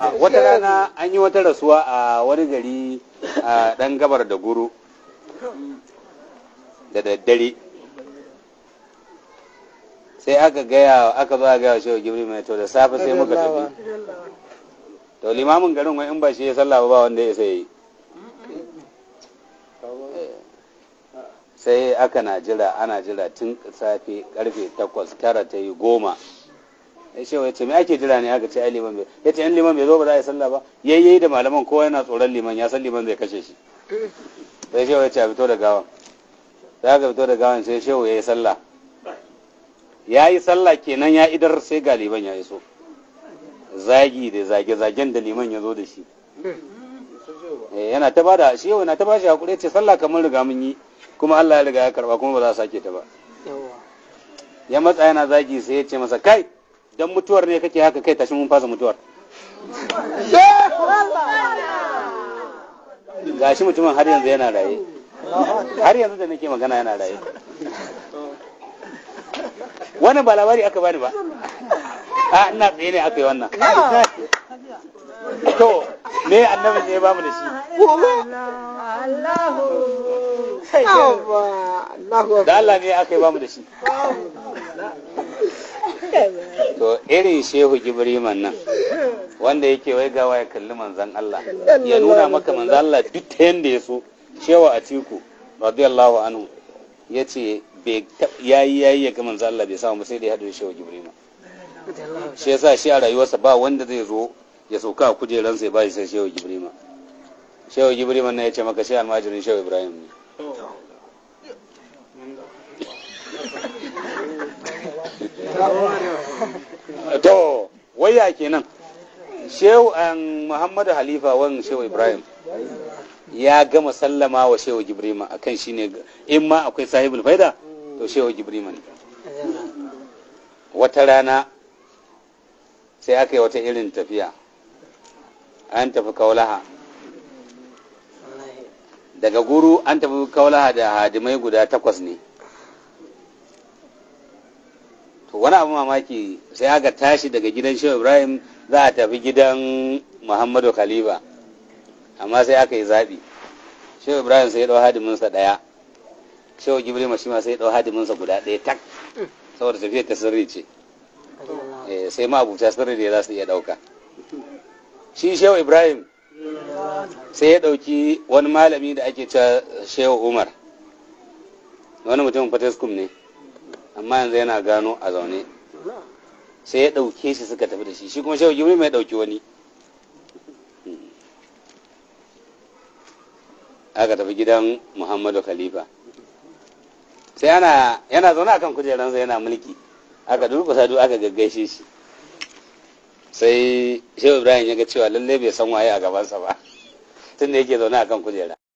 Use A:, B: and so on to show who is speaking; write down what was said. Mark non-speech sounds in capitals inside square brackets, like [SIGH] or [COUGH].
A: wata rana an yi wata rasuwa a wani gari a ɗan gabar da guru da daddare sai aka gaya aka zo a gaya shehu gibri mai to da safe sai muka tafi to limamin garin wani in ba shi ya salla ba wanda ya sai sai aka na jira ana jira tun safe karfe takwas tara ta yi goma ya ce wai me ake jira ne aka ce ai liman bai ya ce in liman bai zo ba za a yi sallah ba yayyayi da malaman kowa yana tsoron liman ya san liman zai kashe shi sai shehu ya ce a fito da gawan sai aka fito da gawan sai shehu ya yi sallah ya yi sallah kenan ya idar sai ga liman ya iso zagi da zage-zagen da liman ya zo da shi eh, yana ta bada shi yana ta bashi hakuri ce sallah kamar riga mun yi kuma Allah ya riga ya karba kuma ba za a sake ta ba ya matsa yana zagi sai ya ce masa kai don mutuwar ne kake haka kai tashi mun fasa mutuwar gashi mutumin har yanzu yana raye har yanzu da nake magana yana raye wannan ba labari aka bani ba a ina tsaye ne aka yi wannan to me annabin ne ba mu da shi da Allah ne aka yi ba mu da shi to irin shehu gibriman nan wanda yake wai gawa ya kalli manzan Allah ya nuna maka manzan Allah duk ta yanda ya so shewa a tiku radiyallahu anhu ya ce ya yi ya yi ya ga manzan Allah bai samu sai da ya haɗu shehu gibriman shi yasa shi a rayuwarsa ba wanda zai zo ya sauka a kujeransa ya ba shi sai shehu gibriman shehu gibriman nan ya ce maka shi almajirin shehu ibrahim ne [LAUGHS] to waya kenan shehu an um, muhammadu halifa wan shehu ibrahim ya gama sallama wa shehu jibrima akan shine in ma akwai sahibul faida to shehu jibrima ne wata rana sai aka yi wata irin tafiya an tafi kaulaha daga guru an tafi kaulaha da hadimai guda takwas ne wani abu mamaki sai aka tashi daga gidan shehu ibrahim za a tafi gidan muhammadu kaliba amma sai aka yi zaɓi shehu ibrahim sai ya ɗau hadiminsa ɗaya shehu jibril shi ma sai ya ɗau hadiminsa guda ɗaya tak saboda tafiyar ta sirri ce eh, sai ma abuta sirri ne za su iya ɗauka shi shehu ibrahim sai ya ɗauki wani malami da ake cewa shehu umar wani mutum fataskum ne amma yanzu yana gano a zaune sai ya ɗauke shi suka tafi da shi shi kuma shehu jibril mai ɗauki wani aka tafi gidan muhammadu khalifa sai yana yana zaune akan kujeransa yana mulki aka durkusa duk aka gaggaishe shi sai shehu ibrahim ya ga cewa lallai bai san waye a gabansa ba tun da yake zaune akan kujera